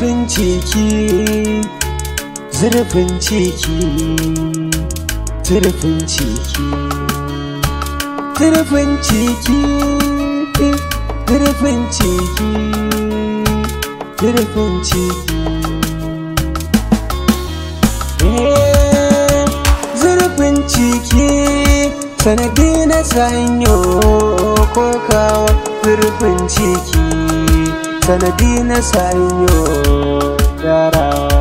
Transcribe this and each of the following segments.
zurfin ciki zurfin ciki zurfin ciki zurfin ciki zurfin ciki zurfin ciki eh, zurfin ciki sanadi na sanyo kokawa zurfin ciki sanadi na sayo gyarawa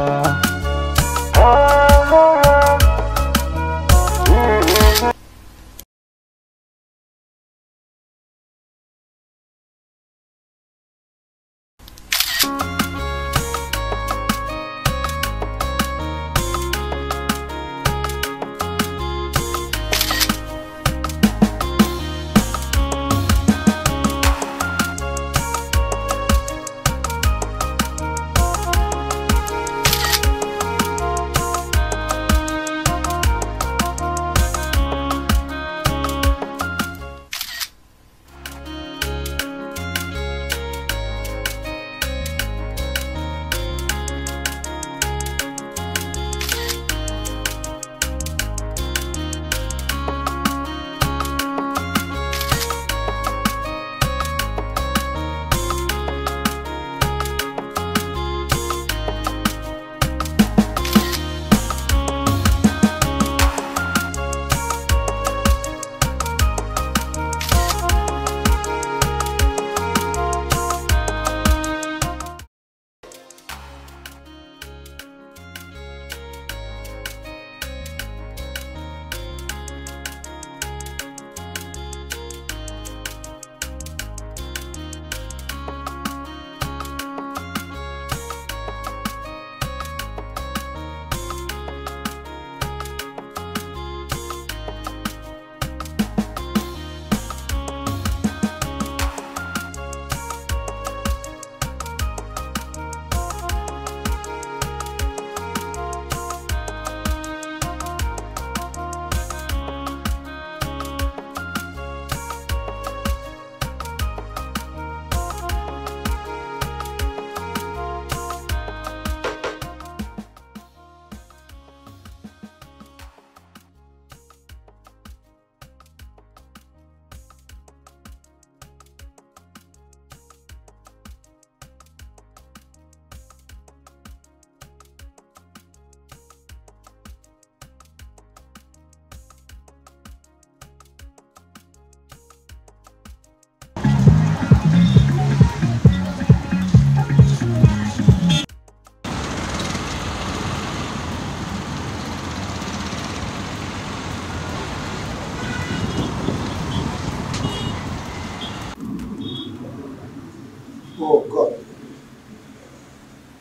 oh god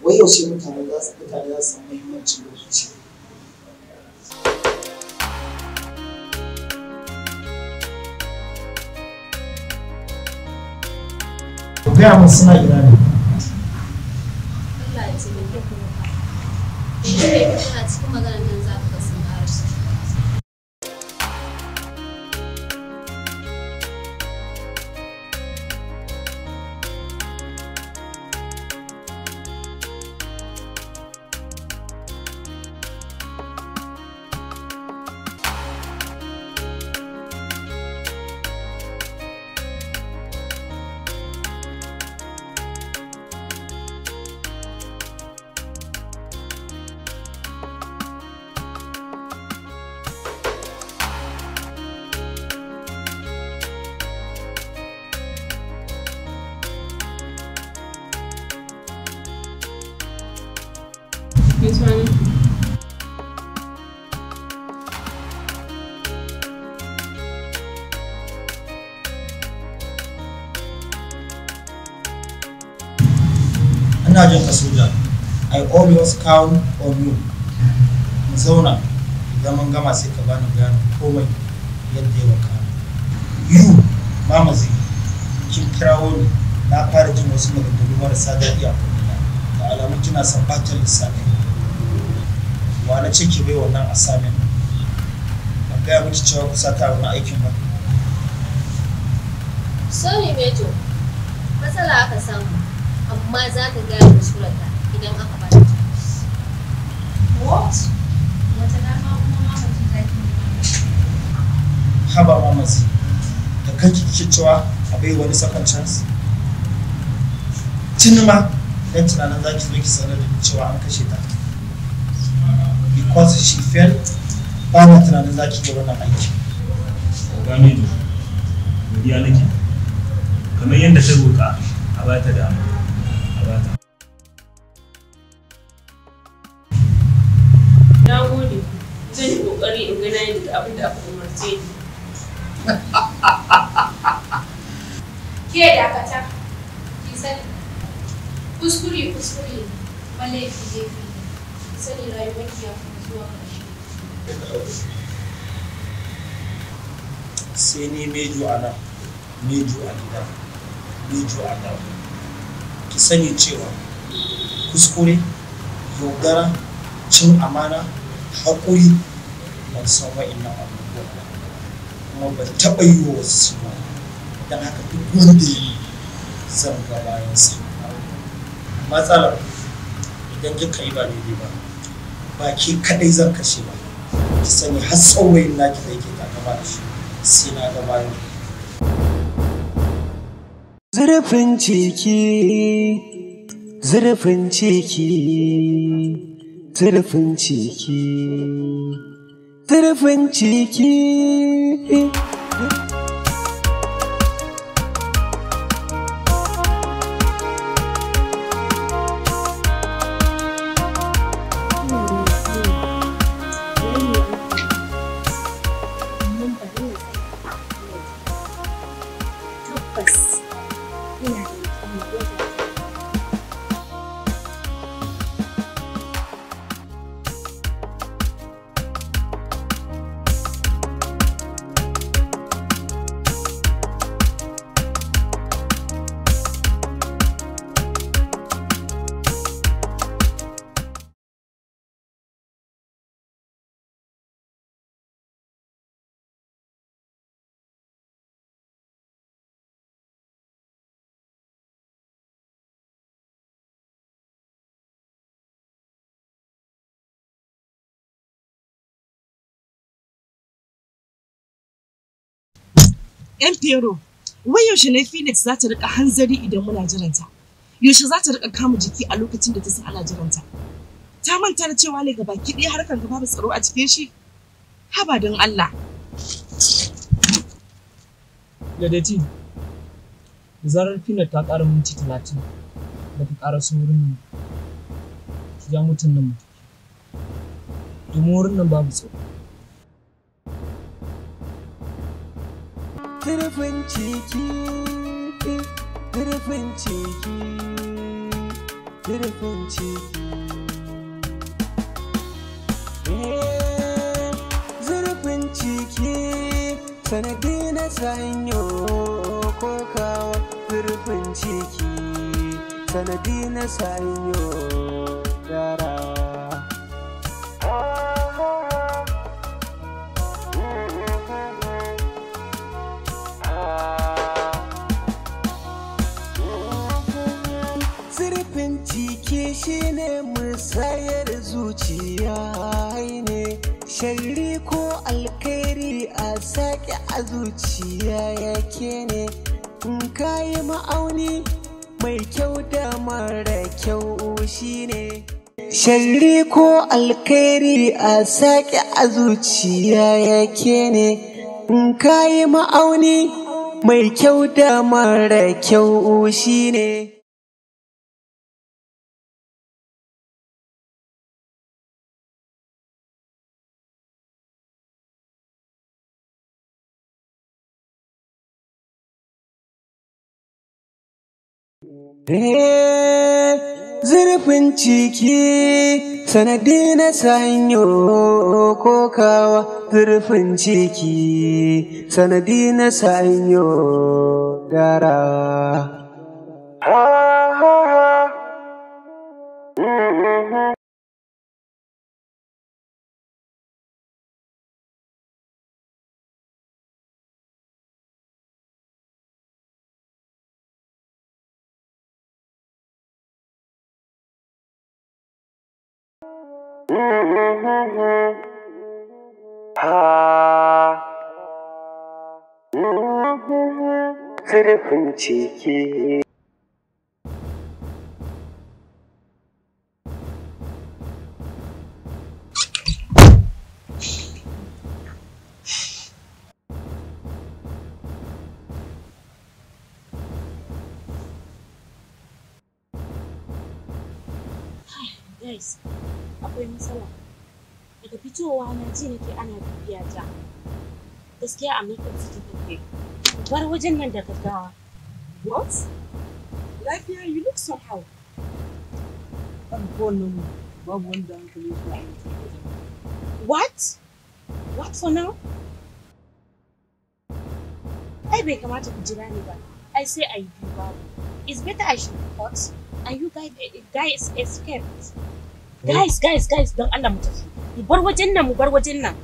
wai yaushe mutane za su mutane za su muhimmancin lokaci gaya suna ina ana ina jin ka soja i always count on you in zauna idan mun gama sai ka bani bayanin komai yadda ya wakana you mama zai kin kirawo ni na fara jin wasu maganganu marasa daɗi a kuma da alamun kina son bacin lissafi na ce bai wannan Ba ban gaya miki cewa ku ta wani aikin ba sorry meto matsala aka samu amma za ka gaya da surata idan aka ba ta what wata dama kuma ma mutum ta ki haba ma mazi da kanki kike cewa a wani second chance tun ma dan tunanin za ki zo ki sanar da cewa an kashe ta constitution fail ba na tunanin za ki yi wannan aiki. Gane da ya nake kamar yadda ta roƙa a bata da a bata. Na gode ƙoƙari in gana da aka umarce Ke ki sani kuskure kuskure ne, sai ni mejo a nan a gida a nan ki sani cewa kuskure dogara cin amana haƙuri ban san wa'innan abubuwa kuma ban taɓa yi wa wasu ba don haka duk wanda yi zan ga bayansa matsalar idan kika yi ba daidai ba baki kadai zan kashe ba ki sani har tsawayin naki zai ke takama da shi sai na ga bayan zurfin ciki zurfin ciki zurfin ciki zurfin ciki yan fero wai yaushe ne phoenix za ta rika hanzari idan muna jiranta yaushe za ta rika kama jiki a lokacin da ta san ana jiranta ta manta da cewa ne baki ɗaya harkar gaba da tsaro a cikin shi haba don allah Ladati, da zarar Fina ta ƙara minti talatin da ta ƙara saurin ki ya mutum nan Domin wurin nan babu tsaro. Zirfin ciki zurfin ciki zirfin ciki eh, zurfin ciki sanadi na sanyo ko kawo ciki sanadi na sanyo shine musayar zuciya ne sharri ko alkhairi a sake a zuciya yake ne in kayi ma'auni mai kyau da mara kyau shine sharri ko alkhairi a sake a zuciya yake ne in kayi ma'auni mai kyau da mara kyau shine zurfin ciki sanadi na sanyo ko kawa zurfin ciki sanadi na sanyo dara ha ha zurfin ciki kowa na ji nake ana bibiya ta gaskiya a mutum su take bar wajen nan da gaggawa what lafiya you look somehow kan kowanne babu wanda hankali shi a what what for now ai bai kamata ku jira ni ba ai sai a yi biyu babu it's better I should report and you guys guys escaped guys guys guys don Allah mu tafi mu bar wajen nan mu bar wajen nan.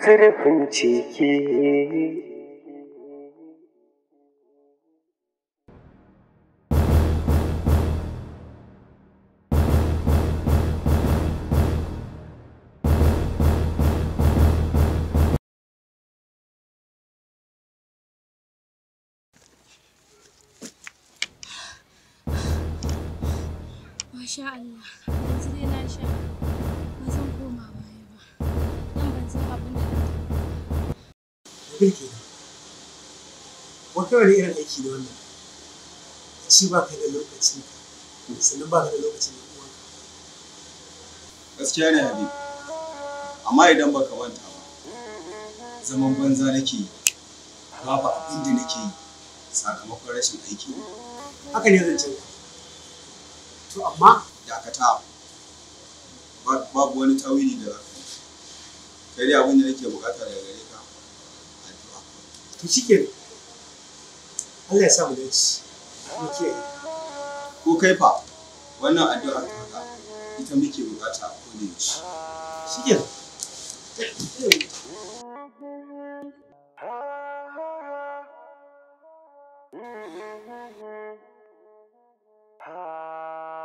zurfin ciki Insha Allah, yanzu dai na sha ba zan koma baya ba. Nan ban san abin da zan Bilki, wata wani irin aiki ne wannan? shi ba ka da lokacin ka, sannan ba ka da lokacin da kuma. Gaskiya ne Habib, amma idan baka manta ba, zaman banza nake yi, babu abin da nake yi sakamakon rashin aiki. Haka ne zan canza. to amma dakata babu wani tawili da za kai dai abin da nake bukata daga gare ka addu'a to shike Allah ya sa mu dace muke ko kai fa wannan addu'a ta ka ita muke bukata ko kowane yaushe shike Ah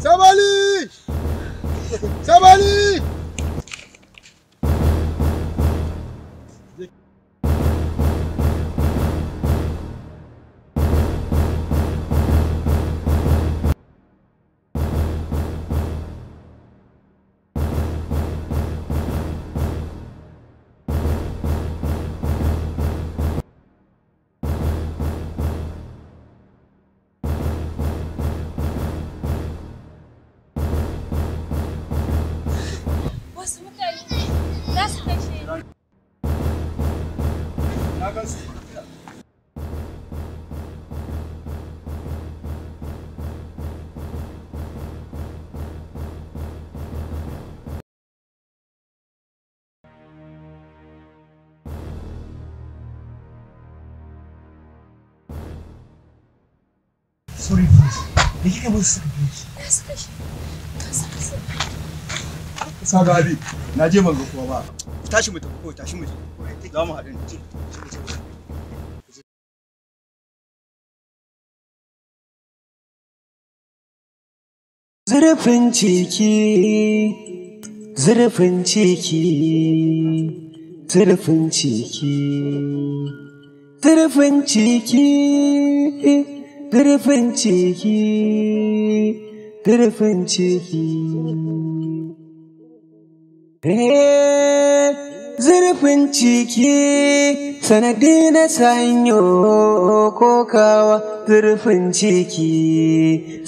Sabalik! Sabalik! sorry please Did you Yes, please. saga abi ba ciki, zurfin ciki, zurfin ciki, ciki. ƙarfin ciki ƙarfin ciki eh, zurfin ciki sanadi na sanyo ko kawa zurfin ciki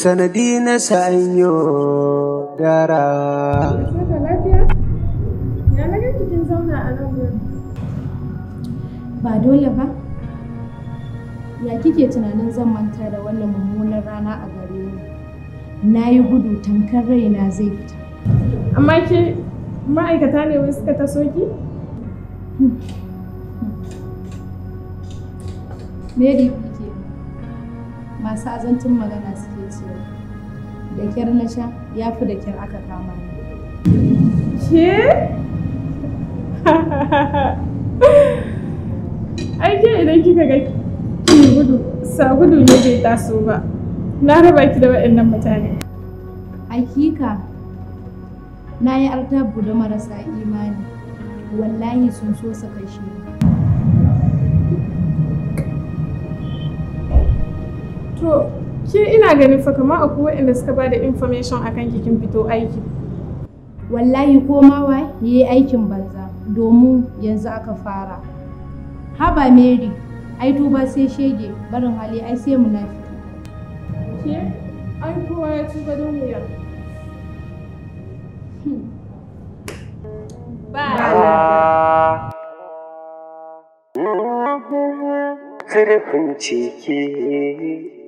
sanadi na sanyo dara ba dole ba ya kike tunanin zan manta da wannan mummunan rana a gare ni na yi gudu tankar raina zai fita amma ke ma'aikata ne wai suka taso ki Mary ke, masu azancin magana suke cewa da kyar na sha ya fi da kyar aka kama ni ke ai ke idan kika ga gudu gudu ne bai taso ba na raba ki da waɗannan mutane hakika na yi artabu da marasa imani wallahi sun so su kashe to ke ina ganin fa kamar akwai waɗanda suka ba da information akan kikin fito aiki wallahi komawa ya yi aikin banza domin yanzu aka fara haba mary ai tuba sai shege barin hali ai sai munafiki ke ai kowa ya tuba don wuya ba zurfin ciki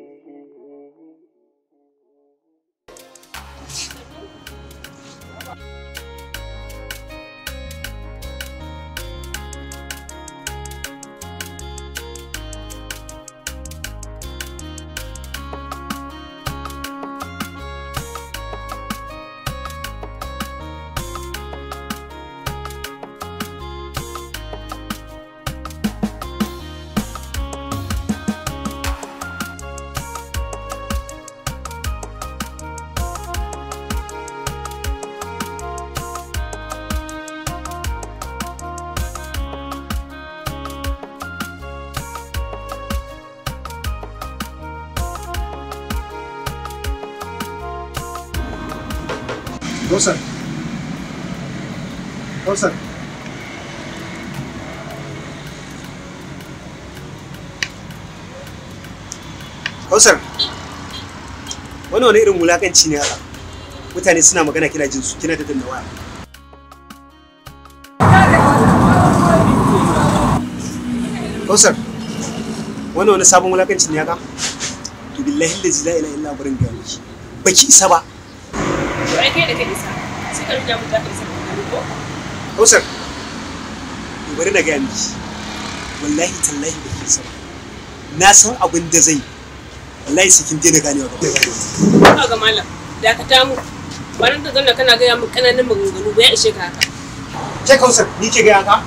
Kausan. Kausan. Kausan. Wani wani irin wulakanci ne haka. Mutane suna magana kina jin su kina tattauna waya. Kausan. Wani wani sabon wulakanci ne haka? To billahi la ilaha illa barin ga miki. Baki isa ba. ai kai da kai isa sai ka Hausar to bari na ga miki wallahi tallahi da ke san na san abin da zai wallahi sai kin daina ganewa ba ka ga malam da ka ta mu bari ta zanna kana gaya min kananan maganganu ba ya ishe ka haka ke kausar ni ke gaya ka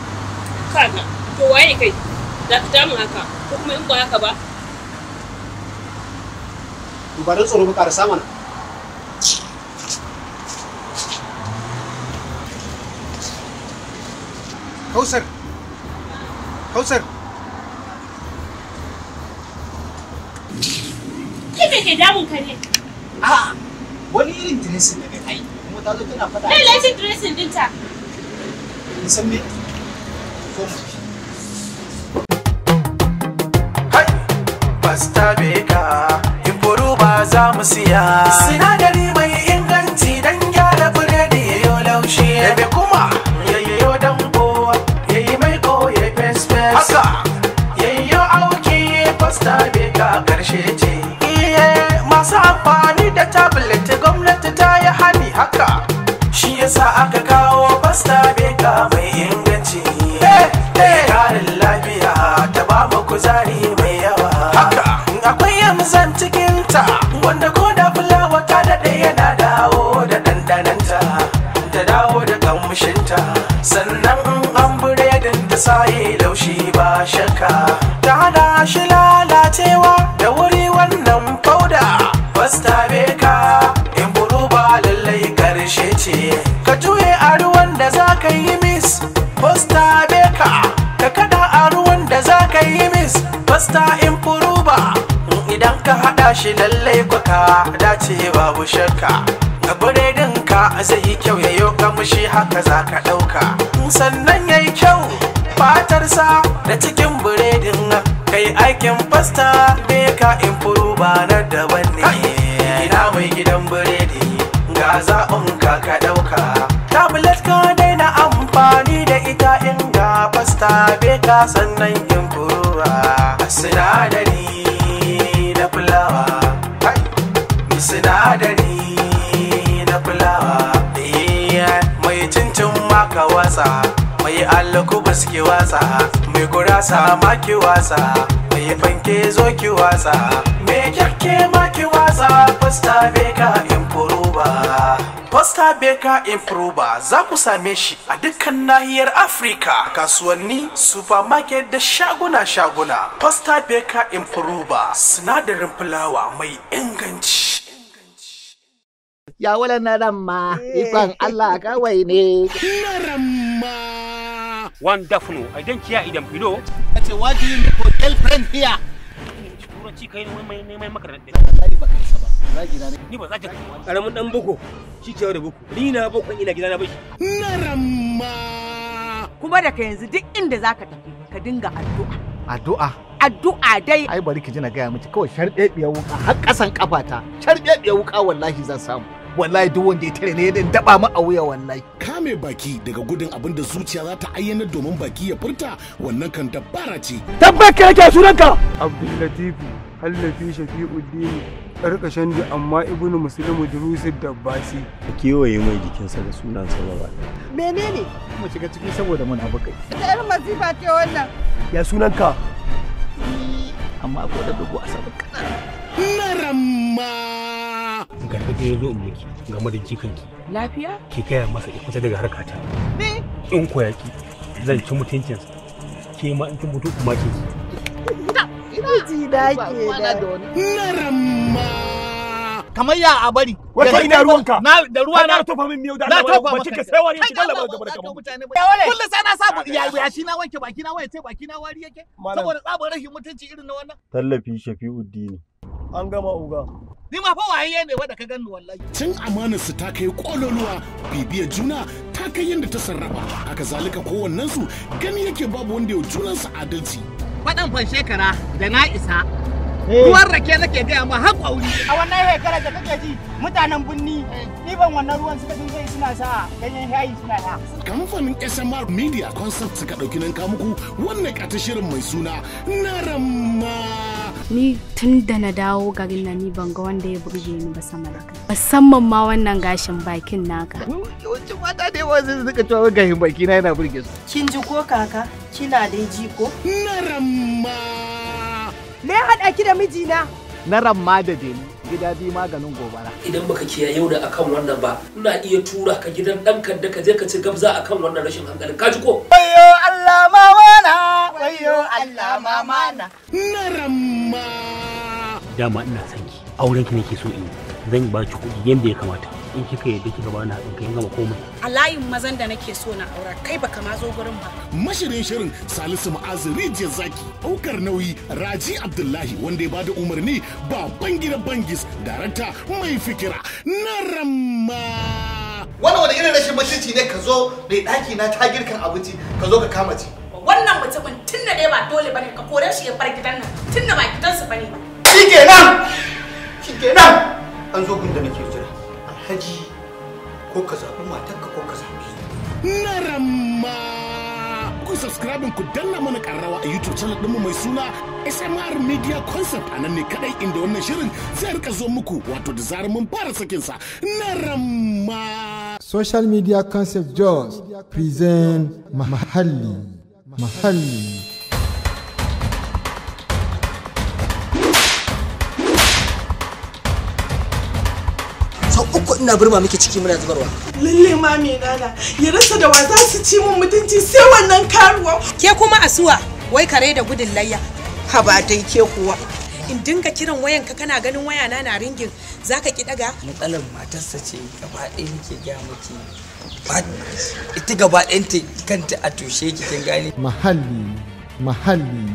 Ka kaga to waye kai da ka ta haka ko kuma in ba haka ba ba don tsoro ba ƙara samun kausar kausar kai ke damun ka ne wani irin dressing daga kai kuma ta zo tana fada kai laifin dressing dinta ni san me ko mu basta beka in za mu siya sinadari ta bullete gwamnati ta yi hani haka shi yasa aka kawo Basta beka mai inganci eh, mai eh. karin lafiya ta ba mu kuzari mai yawa haka akwai yamzan cikinta wanda ko da fulawa ta daɗe yana dawo da ɗanɗananta ta dawo da kamshinta, sannan an buredin ta saye laushi ba shakka shi lallai baka dace babu shakka ga biredin ka zai yi kyau ya yo kamshi haka za ka ɗauka sannan ya yi kyau fatarsa da cikin biredin kai aikin fasta da ka ba na daban ne ina mai gidan biredi ga zaɓin ka ka ɗauka tablet ka daina amfani da ita inda fasta be ka sannan imfuruba sinadari wasa mai ba suke wasa mai gurasa ma ki wasa mai fanke zo ki wasa mai kyakke ma ki wasa posta beka improver posta beka ba, za ku same shi a dukkan nahiyar afirka kasuwanni supermarket da shaguna shaguna posta beka ba, sinadarin fulawa mai inganci ya wala na ramma ikon eh. Allah kawai ne. Na ramma. Wonderful, I don't care idan filo. I ce what do you mean for girlfriend here? Turanci kai mai mai makarar ɗin. da ba kansa ba. Ni ba za ki karamin dan buku. Shi ke da buku. Ni na buko ina gida na bashi. Na ramma. Kuma daga yanzu duk inda zaka tafi ka dinga addu'a. Addu'a? addu'a dai. Ai bari ki ji na gaya miki kawai sharɗeɗiyar wuka har ƙasan ƙafata sharɗeɗiyar wuka wallahi zan samu. wallahi duk wanda ya tare ne yadda daba mu a wuya wallahi kame baki daga gudun abin da zuciya za ta ayyana domin baki ya furta wannan kan dabbara ce tabbaka yake sunanka abdul latif hallafi shafi'uddin karkashin da amma ibnu muslimu durusi dabbasi kewaye mai jikinsa da sunan sababa menene mu shiga ciki saboda mun da ta masifa ke wannan ya sunanka amma ko da dubu a sabon kana na ramma Ga ta ya zo miki game da jikanki. Lafiya? Ki gaya masa ki kusa daga harkata. In ko yaki zan ci mutuncinsa. Ke ma in mutu kuma ki. Miji da ke da. Naramma. kamar ya a bari wata ina na da ruwa na tofa min miyau da Allah ba kika sai da kullu sai na sa ya ya shi na wanke baki na waye sai baki na wari yake saboda tsabar rashin mutunci irin na wannan tallafi shafi'uddin an gama uga ni ma fa waye ne wanda ka gani wallahi tun amanar su ta kai kololuwa bibiyar juna ta kai yadda ta sarrafa haka zalika kowannen gani yake babu wanda ya junansa adalci faɗan fan shekara da na isa Eh. ruwan rake nake gaya ma har kwauri a wannan shekarar da kake ji mutanen binni ɗiban wannan ruwan suka sun zai suna sa ganyen shayi suna sa. kamfanin smr media concept suka ɗauki nan muku wannan ƙata shirin mai suna naramma. ni tun da na dawo garin nan ni ban ga wanda ya burge ni ba sama da kai musamman ma wannan gashin bakin naka yawancin mata da yawa zai suka cewa gashin baki na yana burge su kin ji ko kaka kina dai ji ko na Me haɗa ki da mijina? Na ramma da delu gida bi maganin gobara. Idan baka kiyaye yau da akan wannan ba, ina iya tura ka gidan ɗan kadda ka je ka ci gabza akan wannan rashin hankali. Ka ji ko? Wayo Allah mamana, wayo Allah mamana. Na ramma. Dama ina son ki, auren nake so in zan ba ki kuɗi yadda ya kamata. in kika yadda kika na haɗin kai gama komai a layin mazan da nake so na aura kai baka ma zo gurin ba mashirin shirin Salisu Ma'azu Rijiyar Zaki aukar nauyi Raji Abdullahi wanda ya bada umarni baban bangida Bangis darakta mai fikira na ramma wannan wani irin rashin mutunci ne ka zo mai ɗaki na ta girkan abinci ka zo ka kama ci. wannan mutumin tun da dai ba dole bane ka kore shi ya bar gidan nan tun da ba gidansa bane ba. shi kenan shi kenan an zo gun da nake jira. alhaji ko ka zaɓi matarka ko ka zaɓi na ramma ku subscribe ku danna mana karrawa a youtube channel ɗinmu mai suna smr media concept a nan ne kadai inda wannan shirin zai rika zo muku wato da zarar mun fara sa. na ramma social media concept jaws present mahalli mahalli ina burma miki ciki muna zubarwa lalle mami nana ya rasa da wa za su ci mun mutunci sai wannan karuwa ke kuma asuwa wai kare da gudun layya ha ba dai ke kuwa in dinga kiran wayan ka kana ganin waya na na ringin zaka ki daga matsalar matarsa ce gaba ɗaya nake gaya miki ita gaba ɗayanta kanta a tushe ki kin gane mahalli mahalli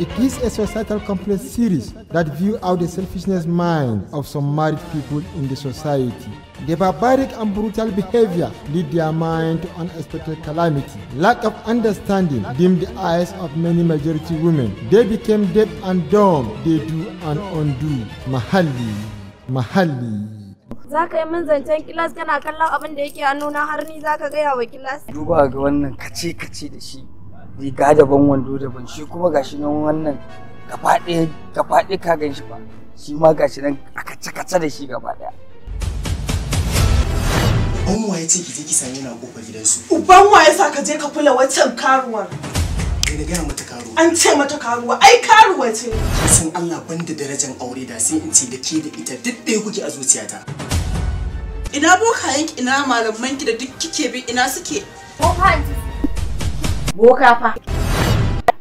It is a societal complex series that view out the selfishness mind of some married people in the society. The barbaric and brutal behavior lead their mind to unexpected calamity. Lack of understanding dimmed the eyes of many majority women. They became deaf and dumb. They do and undo. Mahali, Mahali. za ka yi min zancen kilas kana kallon abin da yake na har ni za ka gaya wa kilas duba ga wannan kace kace da shi riga daban wando daban shi kuma gashi nan wannan gaba ɗaya gaba ɗaya ka gan shi ba shi ma gashi nan a kace ta da shi gaba ɗaya Uban ya ce ki je ki same na a gidansu. Uban ya sa ka je ka kula wancan karuwar. Kai da gaya mata karuwa. An ce mata karuwa, ai karuwa ce. San Allah banda darajar aure da sai in ce da ke da ita duk ɗaya kuke a zuciyata. Ina bokayen ina malaman ki da duk kike bi ina suke. Bokayen boka fa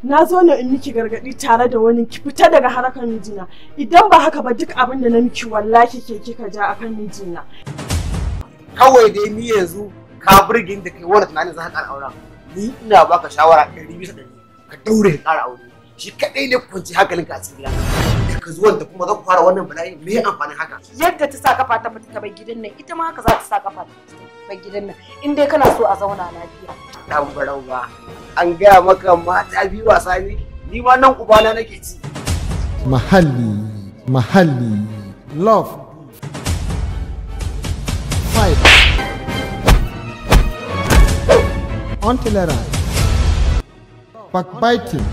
na zo ne in miki gargadi tare da wani ki fita daga harkar mijina idan ba haka ba duk abin da na miki wallahi ke kika ja akan mijina kawai dai ni yanzu ka burgin da kai wannan tunanin za ka ƙara auren ni ina baka shawara ribi sa dani ka daure ka ƙara aure shi kaɗai ne ci hankalin ka a cikin da ka zuwan da kuma za ku fara wannan bala'i me amfanin haka yadda ta sa kafa ta fita ta bar gidan nan ita ma haka za ta sa kafa ta fita ba gidan nan in dai kana so a zauna lafiya dan barau ba an gaya maka mata bi wasa ne ni ma nan ubana nake ci mahalli mahalli love five intolerance backbiting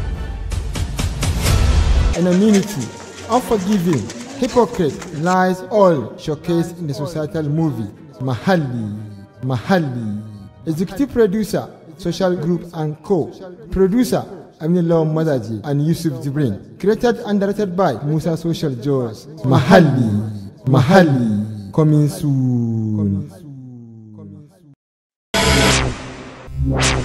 anonymity unforgiving hypocrite lies all showcased in the societal movie Mahalli. Mahali. Executive Producer, Social Group and Co. Producer, Law Madaji and Yusuf Jibrin. Created and directed by Musa Social Jaws. Mahali. Mahali. Coming soon. Coming soon.